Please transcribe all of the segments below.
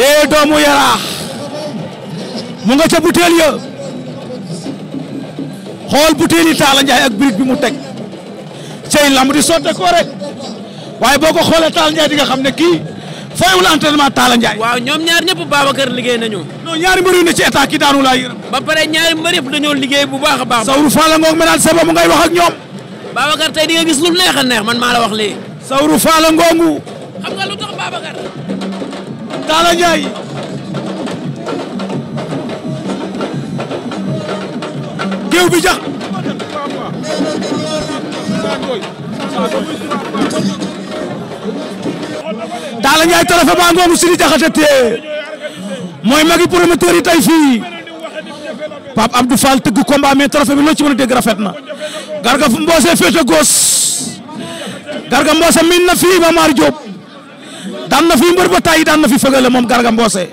yee doomu yaraax mu nga ca butéel ya xool butéel yi Talla Ndiaye ak brique bi mu teg cey lamb di sotte ko rek waaye boo ko xoolee Talla Ndiaye di nga xam ne kii fayul entraînement Talla Ndiaye. waaw ñoom ñaar ñëpp Babacar liggéey nañu. non ñaari mbër yu ne ci état ki laa yërëm. ba pare ñaari mbër yëpp dañoo liggéey bu baax a baax. Sawru Fall ngoog ma naan Saba mu ngay wax ak ñoom. Babacar tey di nga gis lu neex a neex man maa la wax lii. Sawru Fall ngoogu. xam nga lu tax Babacar. Talla Ndiaye géew bi jax Talla Ndiaye trophée baa ngoogu Sidi Jaxate mooy magi promoteur yi tey fii Pape Abdou Fall tëgg combat mais trophée bi loo mën a rafet na Garga Mbossé féete gos Garga Mbossé miin na fii Mamar Diop daan na fi mbër ba tàyyi daan fi fëgale moom Garga Mbossé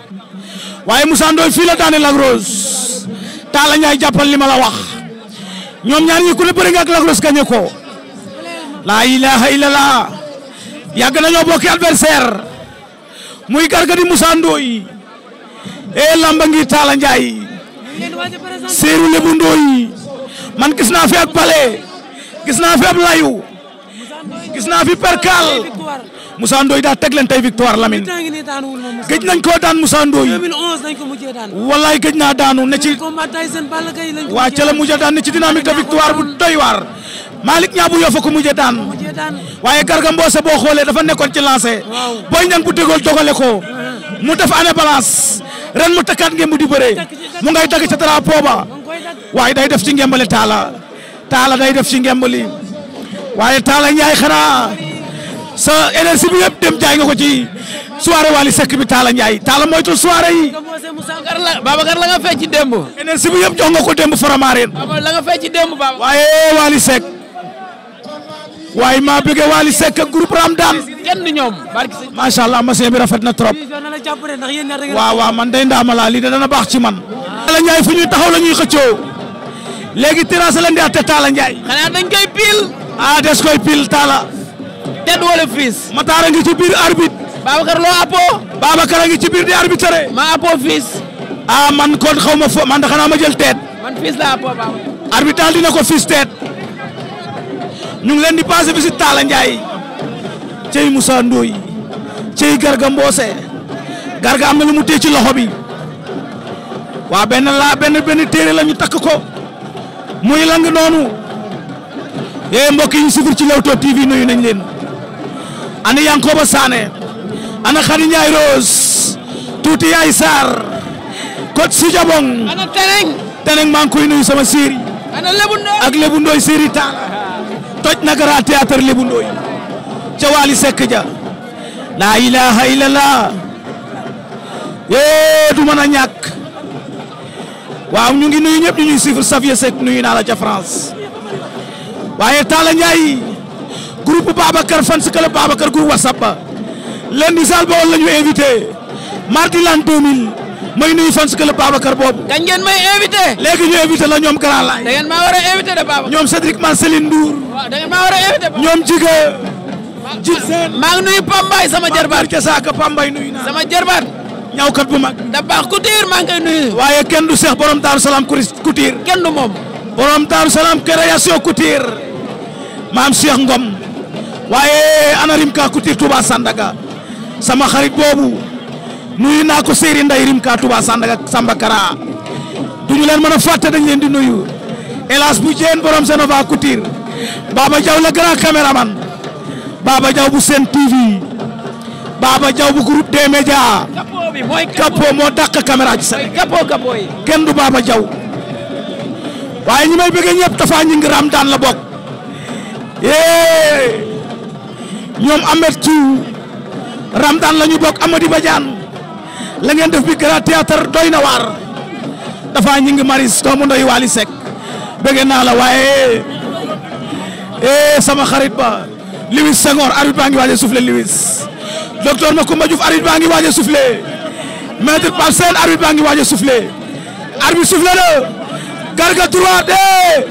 waaye Moussa Ndoye fii la daane Lac Rose Talla Ndiaye li ma la wax ñoom ñaar ñi ku ne bëri nga ak Lac Rose gañe ko laa ilaha illallah yàgg nañoo bokki muy Garga di Moussa Ndoye e lamba ngi Talla Ndiaye seeru lebu man gis naa fi ak bale gis naa fi ab layu gis perkal Moussa Ndoye daa teg leen tey victoire Lamine gëj nañ koo daan Moussa Ndoye wallaay gëj naa daanu ne ci waa ca la mujjee daan ne ci dynamique de victoire bu doy waar Malick Niang bu Yoff ko mujjee daan waaye Garga Mbossé boo xoolee dafa nekkoon ci lancé Boy Niang bu dégool dogale ko uh-huh. mu def année balance ren mu takkaat ngemb di bëree mu ngay dagg ca drapeau ba waaye day def ci ngembali taala taala day def ci ngembali waaye taala ñaay xanaa sa énergie bi yëpp dem jaay nga ko ci soirée Wally Seck bi Talla Ndiaye Talla moytu soirée yi. Babacar la nga fecc ci démb. énergie bi yëpp jox nga ko démb Faramareen. la nga fecc ci démb Babacar. waaye Wally Seck waaye maa bëggee Wally Seck ak groupe Ramdan. kenn du ñoom. macha allah machine bi rafet na trop. waaw waaw man day ndaama laa lii de dana baax ci man. Ah. Talla Ndiaye fu ñuy taxaw la ñuy xëccoo. léegi terrasse lañ di atte Talla Ndiaye. xanaa dañ koy pile. ah des koy pile tedd wala fiis. Matar ngi ci biir arbitre. Babacar loo ngi ci biir di arbitre. ma appoo fiis. ah man kon xaw ma fo man da ma jël teet. man fiis la appoo Babacar. arbitre dina ko fiis teet. ñu ngi leen di passé bi Talla taala cey Moussa Ndoye. cey Garga Mbossé. Garga am na lu mu téye ci loxo bi. waa benn laa benn benn téere la takk ko. muy lang noonu. yee eh, mbokk yi ñu sifur ci Leewtoo TV nuyu nañ leen. ana Yankoba Sané ana Khady Ndiaye Rose tuuti yaay Sarr coach si jabong Teneng maa ngi koy nuyu sama séeri ana Lebu Ndoy ak Lebu séeri ta toj na Grand Théâtre Lebu Ndoy ja la ilaha illallah yee eh, du mën a ñàkk waaw ñu ngi nuyu ñëpp ñu ñuy suivre Safia nuyu naa la ca France waaye Talla Ndiaye groupe Babacar fans club Babacar groupe WhatsApp ba lundi Sal Baol la ñu invité mardi l'an 2000 may nuyu fans club Babacar boobu. kañ may invité. léegi ñu invité la ñoom Grand Laye. da maa war a invité de Babacar. ñoom Cédric Marcelin Ndour. waaw da a ñoom Jige. maa ngi nuyu sama jërbaat maa saaka Pambay nuyu naa sama jërbaat. ñawkat bu mag. da baax Couture maa ngi koy waaye kenn du Cheikh borom Daaru Salaam Couture. kenn du moom. borom Daaru Salaam création Couture. maam Ngom. waaye ana Rimka Couture Touba Sandaga sama xarit boobu nuyu naa ko séeri nday Rimka Sandaga Samba Kara duñu leen mën a fàtte dañ leen di nuyu hélas bu jeen borom Senova Couture Baba Diaw la grand caméraman Baba Diaw bu Sen TV Baba Diaw bu groupe des médias Kapo moo dàq caméra ci Sénégal kenn du Baba Diaw waaye ñi may bëgg ñëpp dafa ñu ngi raam daan la bokk yee ñoom Ahmed Thiou Ramdan la ñu bokk Amady Badiane la ngeen def bi grand théâtre doy na waar dafa ñi ngi maris doomu ndoy Waly Seck bëgg naa la waaye eh, eh sama xarit ba Louis Senghor arbitre baa ngi waaj a soufflé Louis docteur Macoumba Diouf arbitre baa ngi waaj a soufflé maître Pape Sène arbitre baa ngi waaj a soufflé arbitre soufflé na garga droite eh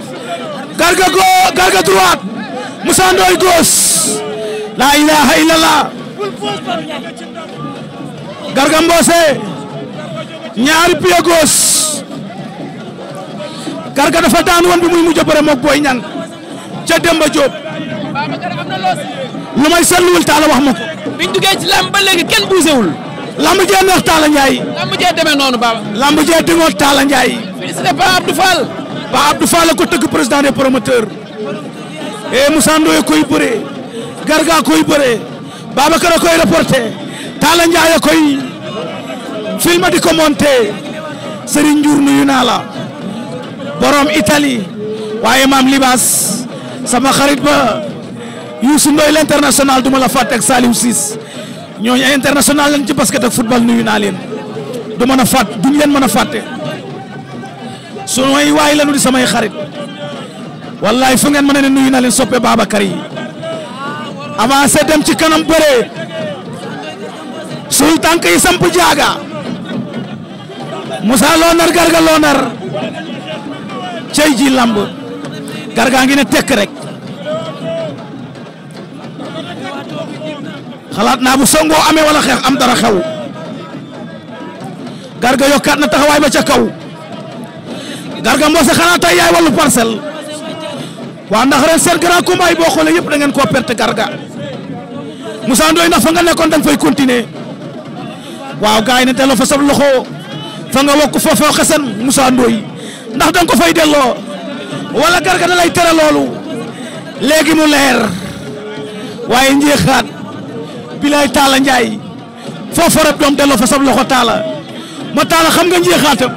garga go garga droite Moussa Ndoye gauche la ilaha illallah Garga ñaari pied Garga dafa daan woon bi muy mujj a bëre moog Boy Niang ca Demba Diop lu may selluwul taala wax ma ko. biñ duggee ci lamb ba léegi kenn buusewul. lamb jee neex lamb jee demee noonu Baba. lamb jee dingoot taala Ba Abdou Fall. Ba Abdou ko tëgg président des promoteurs. et eh, Moussa Ndoye koy Garga koy bëree Babacar a koy reporté Talla Ndiaye koy filmé di ko monté Serigne Ndiour nuyu naa la borom Italie waaye maam Libaas sama xarit ba Youssou Ndoye l'international du ma la fàtte ak Saliou Ciss ñooñu ay international lañ ci basket ak football nuyu naa leen du mën a fàtt duñ leen mën a fàtte su may waay lañu di samay xarit wallaay fu ngeen mën a ne nuyu naa leen soppe Babacar yi. avancé dem ci kanam bëree suul tànk yi samp jaaga Moussa Lonar Garga Lonar cey ji làmb Garga ngi ne tekk rek xalaat naa bu songoo amee wala xeex am dara xew Garga yokkaat na taxawaay ba ca kaw Garga Mbossé xanaa tey yaay wàllu parcelle waa ndax ren seen grand combat boo xoolee yëpp da ngeen koo perte garga Moussa Ndoye ndax fa nga nekkoon da nga fay continuer waaw gars yi ne delloo fa sa loxo fa nga wokk fa fa xasan Moussa Ndoye ndax da ko fay delloo wala garga da lay tere loolu léegi mu leer waaye njeexaat bilay Talla Ndiaye foofa rek doom delloo fa sob loxo Talla ma Talla xam nga njeexaatam.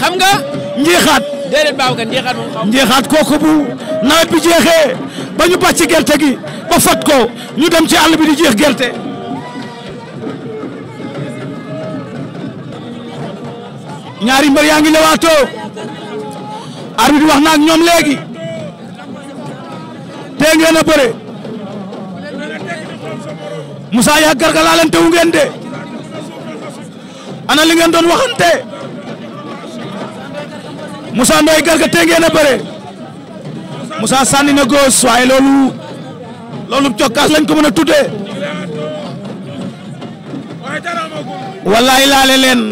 xam nga njeexaat. déedéet Babacar njeexaat moom xaw njeexaat bu nawet bi jeexee ba ñu bàcc gerte gi ba fat ko ñu dem ci àll bi di jeex gerte. ñaari mbër yaa ngi lewaatoo arbitre wax na ak ñoom léegi tee ngeen a bëre Moussa yaa garga laalante wu de ana li ngeen doon waxante Moussa Ndoye Garga tengee na bëre Moussa sànni na góos waaye loolu loolu cokkaas lañ ko mën a tuddee wallaay laale leen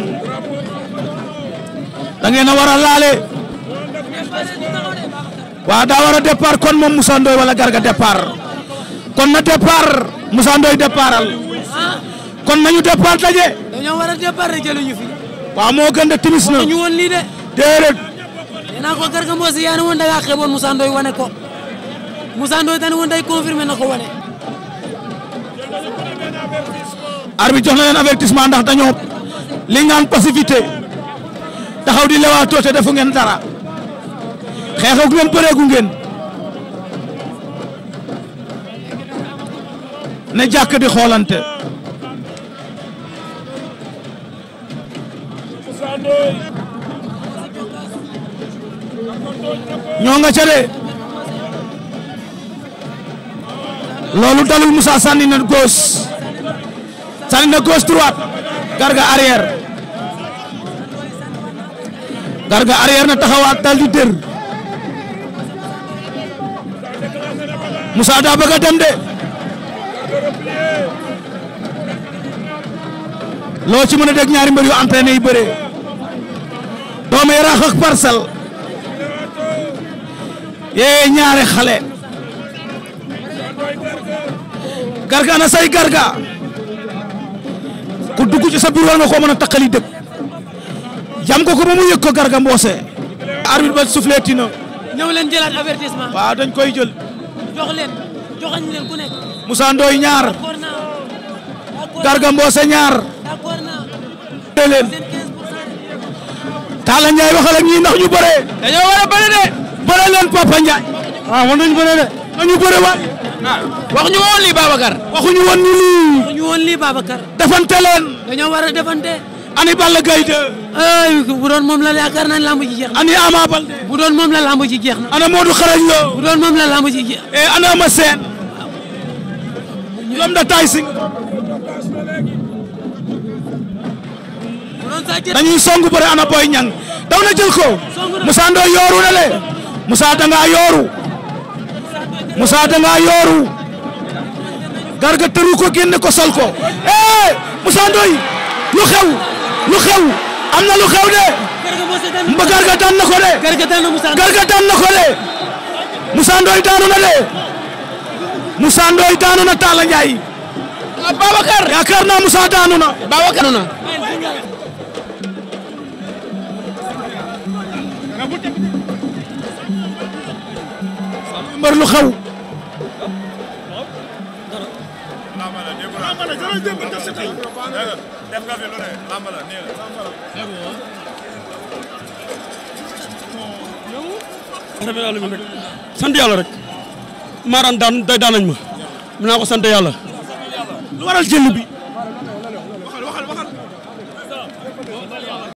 da ngeen a war a laale waaw daa war a kon moom Moussa Ndoye wala Garga départ kon na départ Moussa Ndoye départal kon nañu départ daje. dañoo a départ rek jëluñu fi. waaw moo gën de timis naa ko Garga Mbossé yaa ne woon da ngaa wane ko Moussa Ndoye day confirmer na ko wane. arbitre jox na ndax dañoo li passivité taxaw di lewaatoo te defu ngeen dara xeex ak ñoom ne jàkk di xoolante. ñoo nga ca de loolu dalul Moussa sànni na gauche sànni na gauche droite Garga arrière Garga arrière na taxawaat dal di dër Moussa daa bëgg a dem de loo ci mën a dégg ñaari mbër yu entraîné yi bëree doomu Yaraax ak Parcelles yee ñaari xale garga na say garga ku dugg ci sa biir war na koo mën a taqali dëkk jam ko ko ba mu yëg ko garga mboose arbitre ba soufflé tina ñëw jëlaat avertissement dañ koy jël jox leen ku nekk Moussa Ndoye ñaar garga mboose ñaar leen Talla Ndiaye waxal ñii ndax ñu bëree dañoo war a bëri de bëre leen Papa Ndiaye. waaw ah, war nañu bëre de. nañu bëre waat. wax ñu woon lii Babacar. waxuñu woon ni lii. waxuñu woon lii Babacar. defante dañoo a defante. ani Balla Gaye de. ay bu doon moom la yaakaar nañ lamb ji jeex na. ani Ama Baldé. bu doon moom la lamb ji jeex na. ana Modou Xarañ Lo. bu moom la lamb ji jeex. et ana ma seen. songu bëre ana Boy Niang daw na ko. Moussa Ndoye yooru na le. Moussa da ngaa yooru Moussa da yooru Garga tëru ko génne ko sol ko eh lu xew lu xew am na lu xew de mba Garga daan na ko de Garga daan na ko de Moussa Ndoye daanu na de Moussa Ndoye daanu na Talla Ndiaye Babacar yaakaar naa Moussa daanu na mbër lu xew. sant yàlla rek. maaraan daan day daan naa ko sant yàlla. lu waral jël bi.